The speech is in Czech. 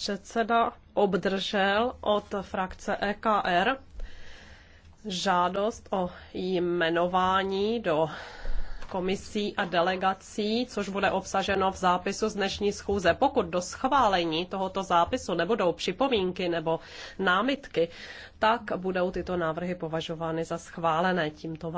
předseda obdržel od frakce EKR žádost o jmenování do komisí a delegací, což bude obsaženo v zápisu z dnešní schůze. Pokud do schválení tohoto zápisu nebudou připomínky nebo námitky, tak budou tyto návrhy považovány za schválené tímto.